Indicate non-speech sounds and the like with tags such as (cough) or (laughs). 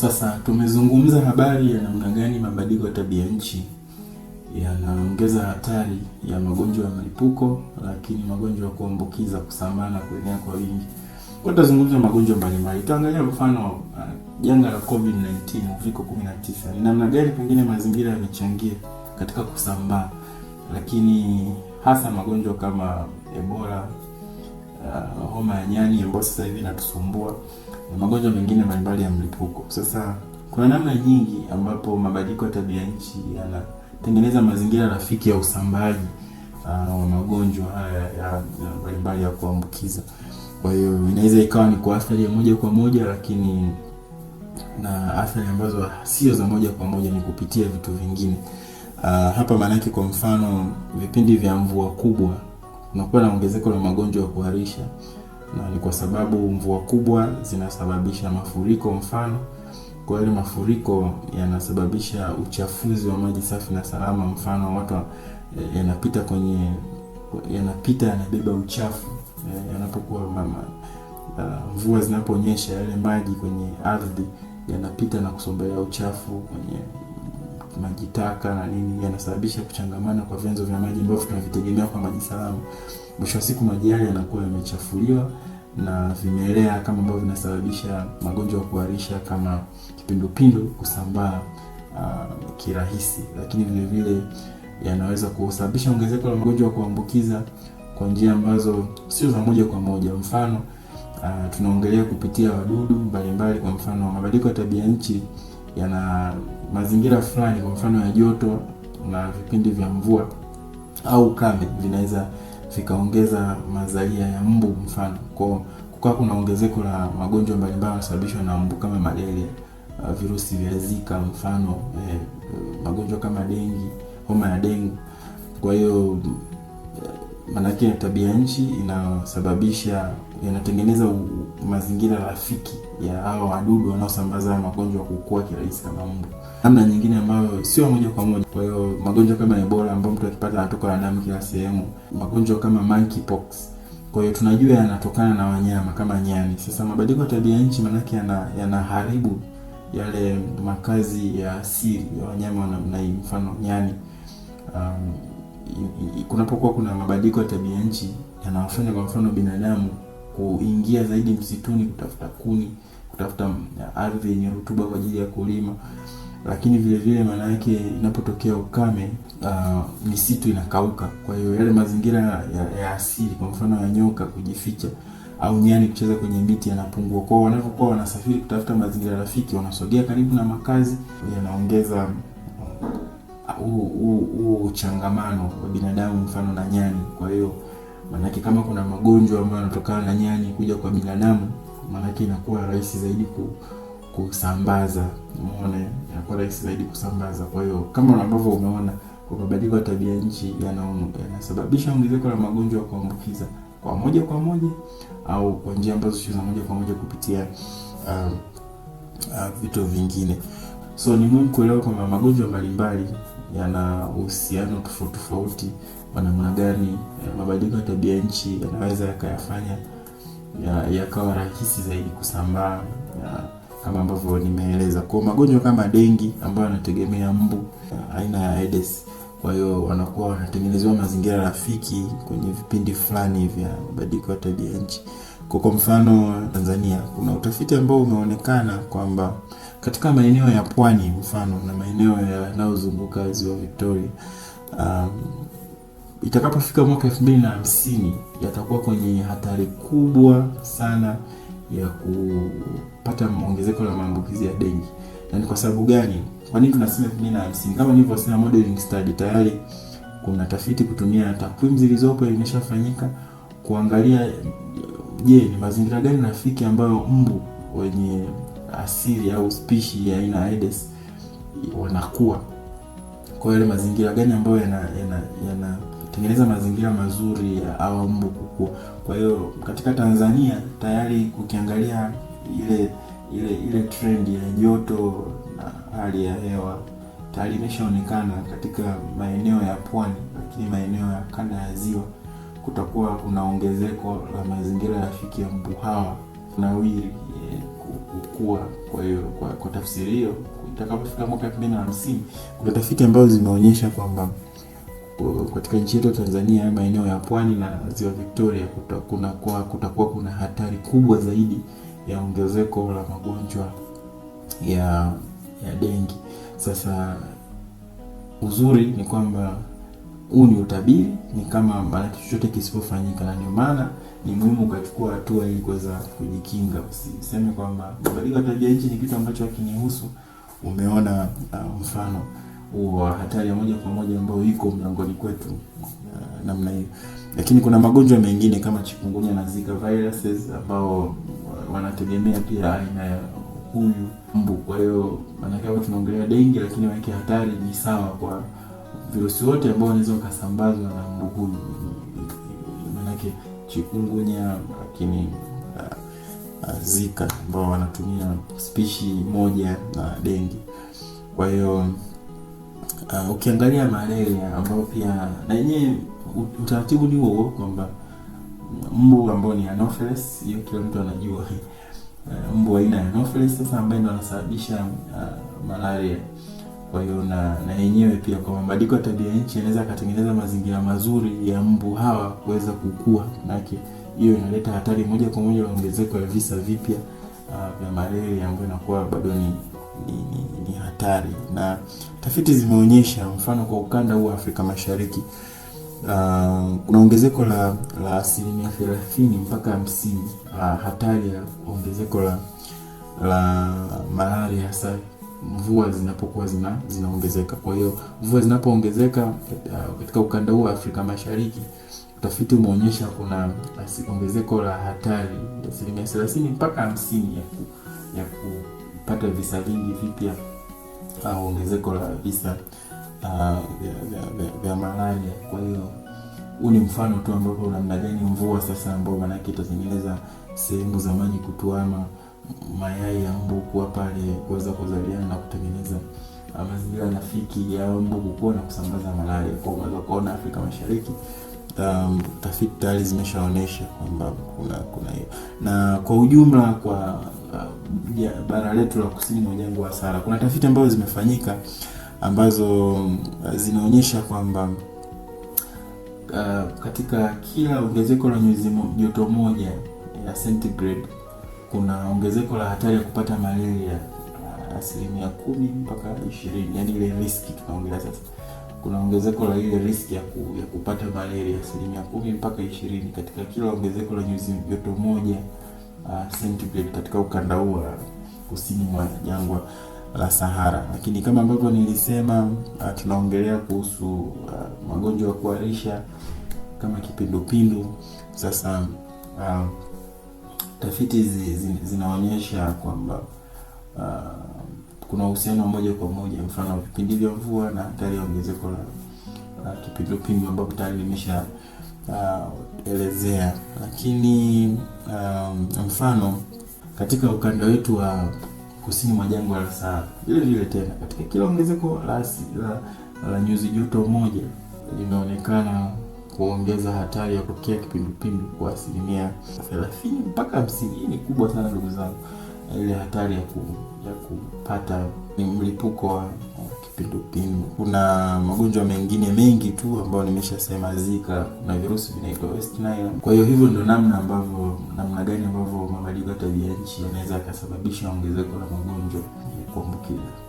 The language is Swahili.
Sasa tumezungumza habari ya namna gani mabadiliko ya tabia nchi yanaongeza hatari ya magonjwa ya mlipuko, lakini magonjwa ya kuambukiza, kusambaa na kuenea kwa wingi. Kwa tutazungumza magonjwa mbalimbali, tutaangalia mfano uh, janga uh, la COVID-19 uviko 19 ni namna gani pengine mazingira yamechangia katika kusambaa, lakini hasa magonjwa kama Ebola, uh, homa ya nyani ambayo sasa hivi inatusumbua na magonjwa mengine mbalimbali ya mlipuko. Sasa kuna namna nyingi ambapo mabadiliko ya tabia nchi yanatengeneza mazingira rafiki ya usambaji ah, wa magonjwa haya mbalimbali ya kuambukiza. Kwa hiyo inaweza ikawa ni kwa athari ya moja kwa moja, lakini na athari ambazo sio za moja kwa moja ni kupitia vitu vingine. Uh, hapa maanake, kwa mfano, vipindi vya mvua kubwa unakuwa na ongezeko la magonjwa ya kuharisha na ni kwa sababu mvua kubwa zinasababisha mafuriko mfano. Kwa hiyo mafuriko yanasababisha uchafuzi wa maji safi na salama, mfano watu eh, yanapita kwenye yanapita yanabeba uchafu eh, yanapokuwa eh, mvua zinaponyesha, yale maji kwenye ardhi yanapita na kusombelea uchafu kwenye maji taka na nini yanasababisha kuchangamana kwa vyanzo vya maji ambavyo tunavitegemea kwa maji salama. Mwisho wa siku maji yale yanakuwa yamechafuliwa na vimelea kama ambavyo vinasababisha magonjwa ya kuharisha kama kipindupindu kusambaa uh, kirahisi, lakini vile vile yanaweza kusababisha ongezeko la magonjwa ya kuambukiza kwa njia ambazo sio za moja kwa moja. Mfano uh, tunaongelea kupitia wadudu mbalimbali, kwa mfano mabadiliko ya tabia nchi yana mazingira fulani, kwa mfano ya joto na vipindi vya mvua au kame vinaweza vikaongeza mazalia ya mbu mfano, kwa kukaa kuna ongezeko la magonjwa mbalimbali yanayosababishwa na mbu kama malaria, uh, virusi vya Zika mfano eh, magonjwa kama dengi, homa ya dengi Kwa hiyo maanake tabia nchi inasababisha inatengeneza mazingira rafiki ya hawa wadudu wanaosambaza magonjwa kukua kirahisi kama mbu, namna nyingine ambayo sio moja kwa moja. Kwa hiyo magonjwa kama Ebola ambayo mtu akipata anatoka na damu kila sehemu, magonjwa kama monkeypox kwa hiyo tunajua yanatokana na wanyama kama nyani. Sasa mabadiliko ya tabia nchi maanake yanaharibu ya yale makazi ya asili ya wanyama na mfano nyani um, kunapokuwa kuna mabadiliko ya tabia nchi yanawafanya kwa mfano binadamu kuingia zaidi msituni kutafuta kuni, kutafuta ardhi yenye rutuba kwa ajili ya kulima. Lakini vile vile maana yake inapotokea ukame, uh, misitu inakauka. Kwa hiyo yale mazingira ya, ya asili kwa mfano ya nyoka kujificha au nyani kucheza kwenye miti yanapungua. Kwao wanapokuwa wanasafiri kutafuta mazingira rafiki, wanasogea karibu na makazi, yanaongeza huu changamano wa binadamu mfano na nyani. Kwa hiyo maanake kama kuna magonjwa ambayo yanatokana na nyani kuja kwa binadamu, maanake inakuwa rahisi zaidi ku, kusambaza. Umeona, inakuwa rahisi zaidi kusambaza. Kwa hiyo kama ambavyo umeona mabadiliko ya tabia nchi yanasababisha ongezeko la magonjwa ya kuambukiza kwa moja kwa moja au kwa njia ambazo sio za moja kwa moja kupitia um, uh, uh, vitu vingine. So ni muhimu kuelewa kwamba magonjwa mbalimbali yana uhusiano tofauti tofauti, kwa namna gani eh, mabadiliko ya tabia nchi yanaweza yakayafanya yakawa rahisi zaidi kusambaa kama ambavyo nimeeleza, kwa magonjwa kama dengi ambayo yanategemea mbu aina ya Aedes. Kwa hiyo wanakuwa wanatengenezewa mazingira rafiki kwenye vipindi fulani vya mabadiliko ya tabia nchi. Kwa mfano Tanzania, kuna utafiti ambao umeonekana kwamba katika maeneo ya pwani mfano na maeneo yanayozunguka ziwa Victoria, um, itakapofika mwaka elfu mbili na hamsini yatakuwa kwenye hatari kubwa sana ya kupata ongezeko la maambukizi ya dengi. Na ni kwa sababu gani? Kwa nini tunasema elfu mbili na hamsini? Kama nilivyosema, modeling study tayari kuna tafiti kutumia takwimu zilizopo imeshafanyika kuangalia je, ni mazingira gani rafiki ambayo mbu wenye asili au spishi ya aina Aedes wanakuwa? Kwa hiyo mazingira gani ambayo yanatengeneza yana, yana mazingira mazuri ya hawa mbu kukua? Kwa hiyo katika Tanzania tayari ukiangalia ile ile ile trend ya joto na hali ya hewa tayari imeshaonekana katika maeneo ya pwani, lakini maeneo ya kanda ya ziwa kutakuwa kuna ongezeko la mazingira rafiki ya mbu hawa nawiri eh, kukua. Kwa hiyo kwa, kwa tafsiri hiyo itakapofika mwaka elfu mbili na hamsini kuna tafiti ambazo zimeonyesha kwamba eh, katika nchi yetu Tanzania maeneo ya pwani na ziwa Victoria kutakuwa kuna, kuta kuna hatari kubwa zaidi ya ongezeko la magonjwa ya ya dengi. Sasa uzuri ni kwamba huu ni utabiri, ni kama maana chochote kisipofanyika, na ndio maana ni muhimu ukachukua hatua ili kuweza kujikinga. Usiseme kwamba mabadiliko ya tabia nchi ni kitu ambacho hakinihusu. Umeona uh, mfano huo wa hatari ya moja kwa moja ambayo iko mlangoni kwetu uh, namna hiyo, lakini kuna magonjwa mengine kama chikungunya na zika viruses ambao uh, wanategemea pia aina ya huyu mbu. Kwa hiyo maana kama tunaongelea dengue, lakini wake hatari ni sawa kwa virusi wote ambao unaweza ukasambazwa na mbu manake chikungunya, lakini ah, ah, Zika ambao wanatumia spishi moja na dengi. Kwa hiyo uh, ukiangalia malaria ambao pia na yenyewe utaratibu ni huo kwamba mbu ambao ni Anopheles, hiyo kila mtu anajua (laughs) mbu aina ya Anopheles sasa ambaye ndo anasababisha uh, malaria. Kwa hiyo na na yenyewe pia kwa mabadiliko ya tabia nchi inaweza katengeneza mazingira mazuri ya mbu hawa kuweza kukua, manake hiyo inaleta hatari moja kwa moja ya ongezeko la visa vipya ah, vya malaria ambayo inakuwa bado ni, ni, ni, ni hatari, na tafiti zimeonyesha mfano kwa ukanda huu wa Afrika Mashariki Uh, kuna ongezeko la la asilimia thelathini mpaka hamsini la ah, hatari ya ongezeko la la malaria hasa mvua zinapokuwa zina zinaongezeka. Kwa hiyo mvua zinapoongezeka uh, katika ukanda huu wa Afrika Mashariki, utafiti umeonyesha kuna ongezeko la hatari asilimia thelathini mpaka hamsini ya, ku, ya kupata visa vingi vipya au ongezeko la visa uh, vya malaria. Kwa hiyo huu ni mfano tu ambapo namna gani mvua sasa ambao manake itatengeneza sehemu za maji kutuama mayai ya kuwa pale kuweza kuzaliana na kutengeneza ah, mazingira rafiki ya mbu kukua na kusambaza malaria. Kwa unaweza kuona Afrika Mashariki um, tafiti tayari zimeshaonesha kwamba kuna kuna hiyo, na kwa ujumla kwa uh, ya, bara letu la kusini mwa jangwa la Sahara kuna tafiti ambazo zimefanyika ambazo uh, zinaonyesha kwamba uh, katika kila ongezeko la nyuzi joto moja ya centigrade kuna ongezeko la hatari ya kupata malaria uh, asilimia kumi mpaka ishirini yani ile riski tunaongelea sasa kuna ongezeko la ile riski ya, ku, ya kupata malaria asilimia kumi mpaka ishirini katika kila ongezeko la nyuzi joto moja uh, centigrade katika ukanda huu wa kusini mwa jangwa la Sahara. Lakini kama ambavyo nilisema, uh, tunaongelea kuhusu uh, magonjwa ya kuharisha kama kipindupindu. Sasa uh, tafiti zinaonyesha kwamba uh, kuna uhusiano moja kwa moja, mfano wa vipindi vya mvua na hatari ya ongezeko la uh, kipindupindu ambapo tayari limesha uh, elezea. Lakini um, mfano katika ukanda wetu wa kusini mwa jangwa la saa vile vile tena katika kila ongezeko la, la, la nyuzi joto moja linaonekana kuongeza hatari ya kutokea kipindupindu kwa asilimia 30 mpaka 50. Ni kubwa sana ndugu zangu, ile hatari ya, ku, ya kupata mlipuko wa kipindupindu. Kuna magonjwa mengine mengi tu ambayo nimeshasema, Zika na virusi vinaitwa West Nile. Kwa hiyo hivyo ndio namna ambavyo namna gani ambavyo mabadiliko ya tabia nchi yanaweza yakasababisha ongezeko la magonjwa ya kuambukiza.